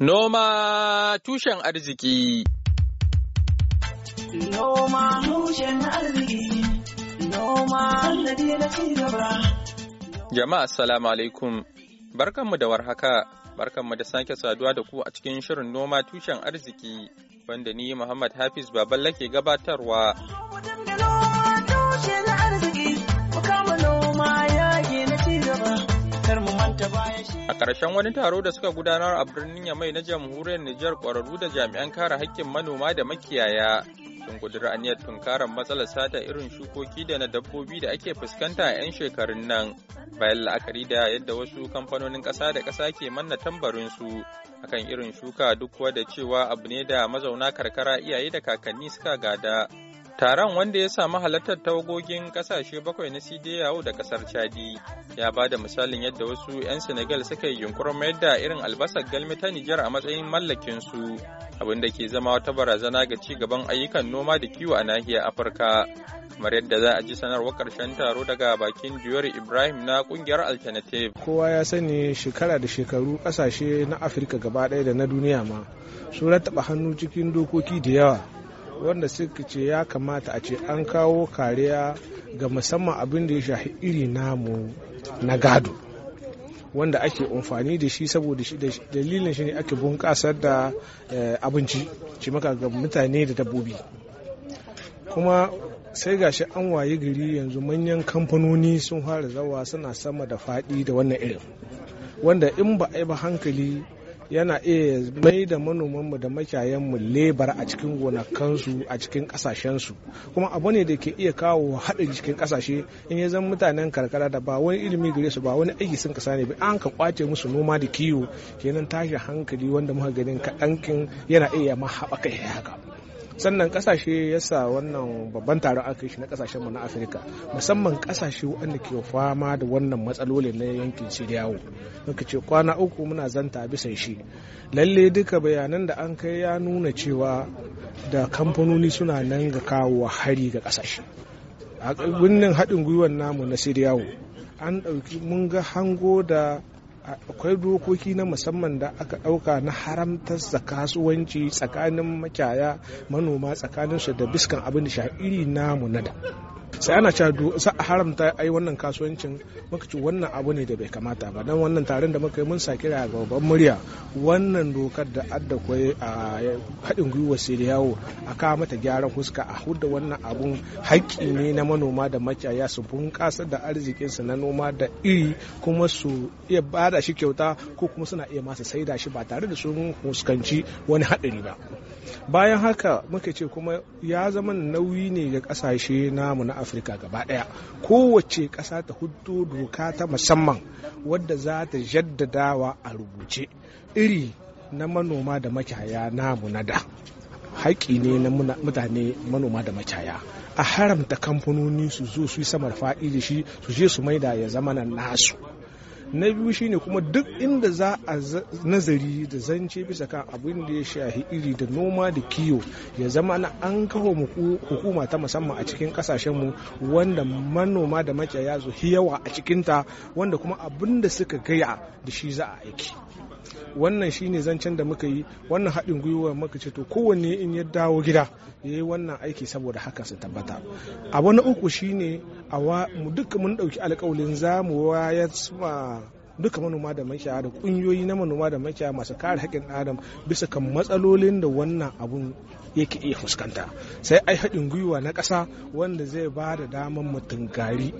Noma tushen arziki. Noma tushen arziki. Noma ci gaba. Jama'a salamu alaikum. Barkanmu da warhaka. Barkanmu da sake saduwa da ku a cikin shirin noma tushen arziki wanda ni Muhammad Hafiz Baballa ke gabatarwa. A ƙarshen wani taro da suka gudanar a birnin Yamai na jamhuriyar Nijar ƙwararru da jami'an kare haƙƙin manoma da makiyaya sun gudura aniyar tunkarar matsalar sata irin shukoki da na dabbobi da ake fuskanta a 'yan shekarun nan bayan la'akari da yadda wasu kamfanonin ƙasa da ƙasa ke manna tambarinsu akan irin shuka duk da cewa abu ne da mazauna karkara iyaye da kakanni suka gada. Taron wanda ya sami halartar tawagogin kasashe bakwai na CDAO da kasar Chadi ya ba da misalin yadda wasu 'yan Senegal suka yi yunkurin mayar da irin albasar galmi ta Nijar a matsayin mallakinsu, abin da ke zama wata barazana ga ci gaban ayyukan noma da kiwo a nahiyar Afirka. Kamar yadda za a ji sanarwar karshen taro daga bakin Juyar Ibrahim na ƙungiyar Alternative. Kowa ya sani shekara da shekaru ƙasashe na Afirka gaba ɗaya da na duniya ma, sun rattaba hannu cikin dokoki da yawa wanda suka ce ya kamata a ce an kawo kariya ga musamman abin da ya shafi iri namu na gado wanda ake amfani da shi saboda dalilin shi ne ake bunƙasar da eh, abinci ce maka ga mutane da dabbobi kuma sai gashi an waye gari yanzu manyan kamfanoni sun fara zawa suna sama da faɗi da wannan irin wanda in ba a yi ba hankali yana iya mai da manomanmu da mu lebar a cikin gonakansu a cikin kasashensu kuma abu ne da ke iya kawo haɗin cikin kasashe in ya zan mutanen karkara da ba wani ilimi gare su ba wani aiki sun kasa ne an ka kwace musu noma da kiwo kenan tashi hankali wanda muka ganin kaɗankin yana iya ma haɓaka haka sannan kasashe yasa wannan babban taron aka yi shi na kasashen mu na afirka musamman kasashe wanda ke fama da wannan matsalolin na yankin siriyawo muka ce kwana uku muna zanta bisa shi lalle duka bayanan da an kai ya nuna cewa da kamfanoni suna nan ga kawo hari ga kasashe a wannan haɗin gwiwar namu na siriyawo an ɗauki mun ga hango da akwai dokoki na musamman da aka ɗauka na haramtar da kasuwanci tsakanin makyaya manoma tsakaninsu da biskan abin da iri namu na da sai ana cewa sa haramta ai wannan kasuwancin muka ce wannan abu ne da bai kamata ba dan wannan taron da muka yi mun saki ga babban murya wannan dokar da adda koyi a haɗin gwiwa sai yawo a kawo mata gyaran huska a hudda wannan abun haƙƙi ne na manoma da makiyaya su bunƙasa da su na noma da iri kuma su iya bada shi kyauta ko kuma suna iya masa saida shi ba tare da sun fuskanci wani haɗari ba bayan haka muka ce kuma ya zama nauyi ne ga kasashe namu na afirka gaba daya kowace ƙasa ta hudu doka ta musamman wadda za ta jaddadawa a rubuce iri na manoma da makiyaya na da haƙƙi ne na mutane manoma da makiyaya a haramta kamfanoni su zo su yi samar fa'i da shi su je su maida ya zama nasu na biyu shine kuma duk inda za a nazari da zance bisa kan abin da ya shahi iri da noma da kiyo ya zama na an kawo hukuma ta musamman a cikin kasashenmu wanda manoma da makiyaya su yawa a cikinta wanda kuma abin da suka gaya da shi za a aiki wannan shine zancen da muka yi wannan haɗin gwiwa muka ce to kowanne in ya dawo gida ya yi wannan aiki saboda haka su tabbata abu na uku shine awa mu duka mun dauki alƙawalin za mu wayar ma duka manoma da makiyaya da kungiyoyi na manoma da makiyaya masu kare haƙƙin adam bisa kan matsalolin da wannan abun yake iya fuskanta sai ai haɗin gwiwa na ƙasa wanda zai ba da damar mutum gari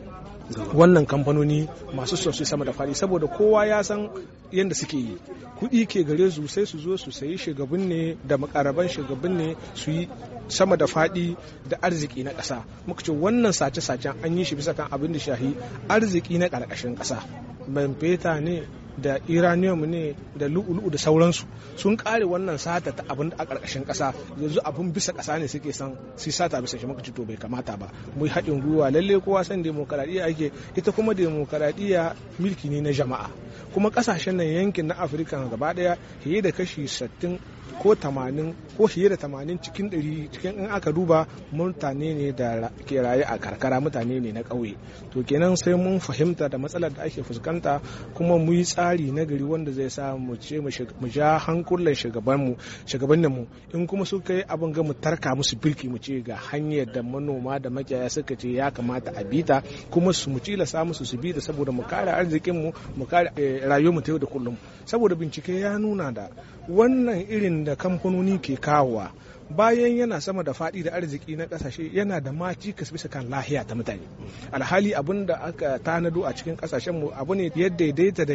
wannan kamfanoni masu sosai sama da fari saboda kowa ya san yadda suke yi kuɗi ke gare su sai su zo su sayi shugabin ne da makaraban shugabin ne su yi sama da faɗi da arziki na ƙasa muka ce wannan sace-sacen an yi shi bisa kan abin da shahi arziki na ƙarƙashin ƙasa ban feta ne da iranium ne da lu'ulu'u da sauransu sun kare wannan sata ta abin a ƙarƙashin ƙasa yanzu abin bisa ƙasa ne suke san su sata bisa shi muka ci bai kamata ba mu yi haɗin gwiwa lalle kowa san demokaradiyya ake ita kuma demokaradiyya milki ne na jama'a kuma ƙasashen nan yankin na afirka gaba ɗaya fiye da kashi 60 ko tamanin ko fiye da tamanin cikin ɗari cikin in aka duba mutane ne da ke raye a karkara mutane ne na kauye to kenan sai mun fahimta da matsalar da ake fuskanta kuma mu yi tsari na gari wanda zai sa mu ce mu ja hankulan shugaban shugabanninmu in kuma suka yi abin ga mu tarka musu birki mu ce ga hanyar da manoma da makiyaya suka ce ya kamata a bita kuma su mu sa musu su bi da saboda mu kare arzikin mu kare eh, mu ta yau da kullum saboda bincike ya nuna da wannan irin da kamfanoni ke kawowa bayan yana sama da faɗi da arziki na ƙasashe yana da maci bisa kan lahiya ta mutane alhali abin da aka tanado a cikin ƙasashenmu abu ne ya daidaita da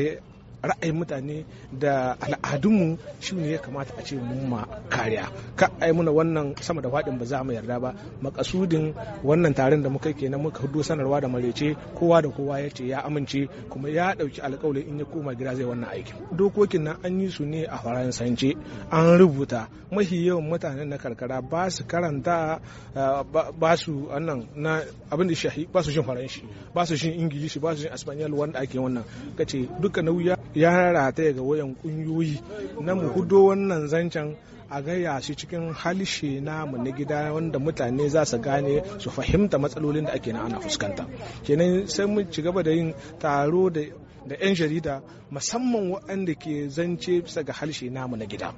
ra'ayin mutane da al'adunmu shi ne ya kamata a ce mun ma kariya ka ai muna wannan sama da faɗin ba za mu yarda ba makasudin wannan taron da muka kenan muka hudu sanarwa da marece kowa da kowa ya ce ya amince kuma ya dauki alƙawari in ya koma gida zai wannan aikin dokokin nan an yi su ne a faransance an rubuta mafi yawan mutanen na karkara ba su karanta eh, ba su wannan na abin da shahi ba su shin faranshi ba su shin ingilishi ba su shin espanyol wanda ake wannan kace duka nauyi ya rataya ga wayan kungiyoyi na mu hudo wannan zancen a gaya shi cikin halishe namu na gida wanda mutane za su gane su fahimta matsalolin da ake na ana fuskanta kenan sai mu ci gaba da yin taro da 'yan jarida musamman waɗanda ke zance bisa ga harshe namu na gida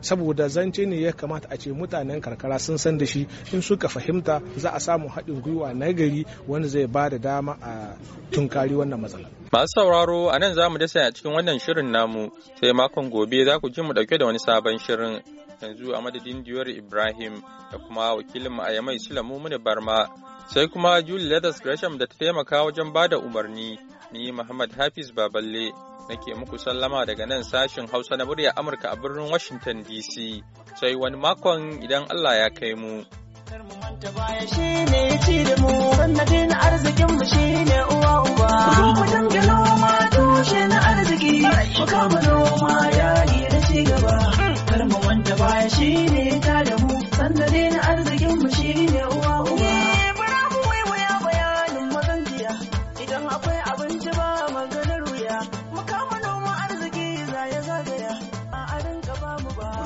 saboda zance ne ya kamata a ce mutanen karkara sun san da shi in suka fahimta za a samu haɗin gwiwa na gari wanda zai ba da dama a tunkari wannan matsala. Masu sauraro a nan za mu dasa a cikin wannan shirin namu sai makon gobe za ku ji mu ɗauke da wani sabon shirin yanzu a madadin Diyar Ibrahim da kuma wakilin mu a Yamai Sulamu Muni Barma sai kuma Julie Leathers Gresham da ta taimaka wajen ba da umarni ni Muhammad Hafiz Baballe nake muku sallama daga nan sashin Hausa na murya Amurka a birnin Washington DC. Sai wani makon idan Allah ya kai mu. Kar mu manta baya shi ne ci da mu, gwamnatin arzikin mu shi ne uwa uba. Mu dinga noma tushe na arziki, mu kama noma yayi na ci gaba. Kar mu manta baya shi ne ta da